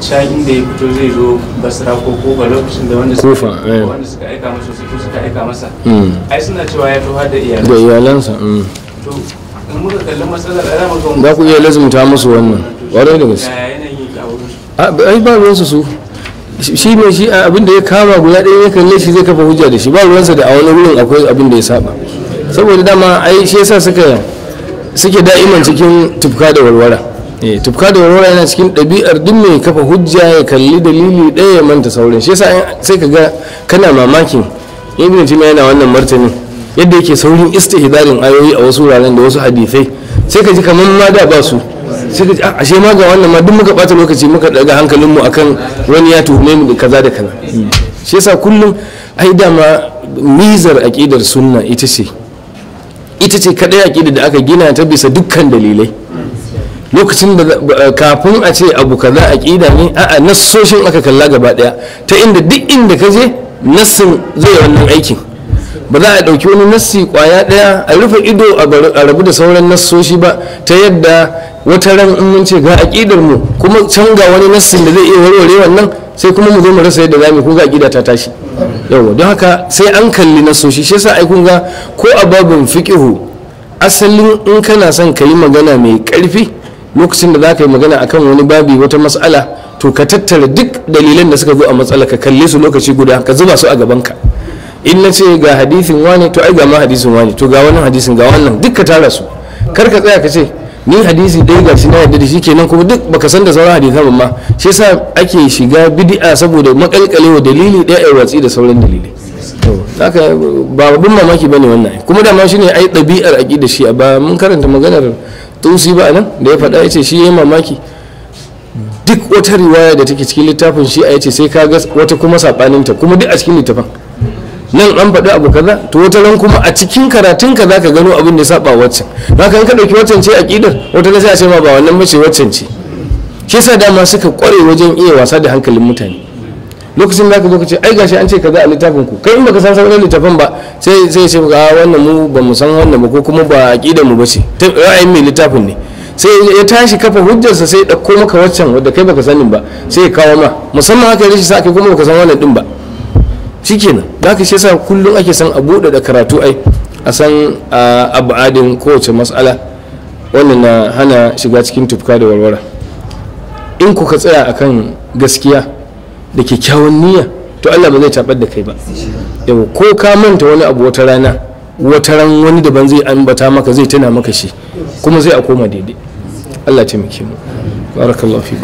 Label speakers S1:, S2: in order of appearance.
S1: can da ya fito zai zo basira ko ga lokacin da eh. wanda suka aika masa su suka aika masa hmm. ai suna cewa ya fi da iyalansa da iyalansa hmm. to in muka kalli matsalar alama za ku iya lazumta musu wannan ƙwarai da gaske ai ba ruwansu su shi mai shi abin da ya kama guda ɗaya ya kalle shi zai kafa hujja da shi ba ruwansa da a wani wurin akwai abin da ya saba saboda dama ai shi yasa suka suke da'iman cikin tufka da walwala Eh, tufka da warwara yana cikin ɗabi'ar duk mai kafa hujja ya kalli dalili ɗaya ya manta saurin shi yasa sai ka ga kana mamakin ibn taymiya yana wannan martani yadda yake saurin istihdarin ayoyi a wasu wuraren da wasu hadisai sai ka ji kamar ma da ba su sai ka ji ah, ashe ma ga wannan ma duk muka bata lokaci muka daga hankalin mu akan wani ya tuhume mu kaza da kaza shi yasa kullum ai da ma mizar aqidar sunna ita ce ita ce kadai aqida da aka gina ta bisa dukkan dalilai lokacin da eh, kafin a ce abu kaza ƙida ne a'a nassoshin aka kalla gaba daya ta inda duk inda ka je nassin zai wannan aikin ba za a ɗauki wani nassi kwaya daya a rufe ido a rabu da sauran nassoshi ba ta yadda wata ran in mun ce ga aqidar mu kuma can ga wani nassin da zai iya warware wannan sai kuma mu zo mu rasa yadda za mu ga aqida ta tashi yawa don haka sai an kalli nassoshi shi yasa ai kun ga ko a babin fiqihu asalin in kana son ka yi magana mai ƙarfi. lokacin da za ka yi magana a kan wani babi wata matsala to ka tattara duk dalilan da suka zo a matsala ka kalle su lokaci guda ka zuba su a gabanka in na ce ga hadisin wani to ai ga ma hadisin wani to ga wannan hadisin ga wannan duk ka tara su kar ka tsaya ka ce ni hadisi dai gashi na yadda da shi kenan kuma duk baka san da sauran hadisan ba shi yasa ake shiga bid'a saboda makalkalewa dalili ɗaya ai watsi da sauran dalilai to haka ba babban mamaki bane wannan kuma da ma shine ai ɗabi'ar aqida shi ba mun karanta maganar tusi ba nan da ya faɗa ya ce shi ya yi mamaki duk wata riwaya da take cikin littafin shi a yace sai ka ga wata kuma saɓaninta kuma duk a cikin littafin nan an faɗi abu kaza to wata ran kuma a cikin karatun ka zaka gano abin da saɓa waccan haka in ka ɗauki waccan ce ƙidar wata ran sai a ce ma ba wannan mace waccan ce shi sa dama suka ƙware wajen iya wasa da hankalin mutane lokacin da aka zo ka ce ai gashi an ce kaza a littafin ku kai in baka san sauran littafin ba sai sai ce ga ah, wannan mu ba mu san wannan ba ko kuma ba aqidar mu ba ce ra'ayin mai littafin ne sai ya tashi kafa hujjarsa sai ya dauko maka waccan wanda kai baka sanin ba sai ya kawo ma musamman haka rashin sa kai kuma baka san wannan din ba shikenan da ka shi yasa kullum ake san a buɗe da karatu ai a san abadin kowace mas'ala wannan na hana shiga cikin tufka da warwara in kuka tsaya akan gaskiya da kyakkyawan niyya to Allah ba zai tabar da kai ba yau ko ka manta wani abu wata rana wata ran wani daban zai ambata maka zai tana maka shi kuma zai a koma daidai Allah taimake mu barakallahu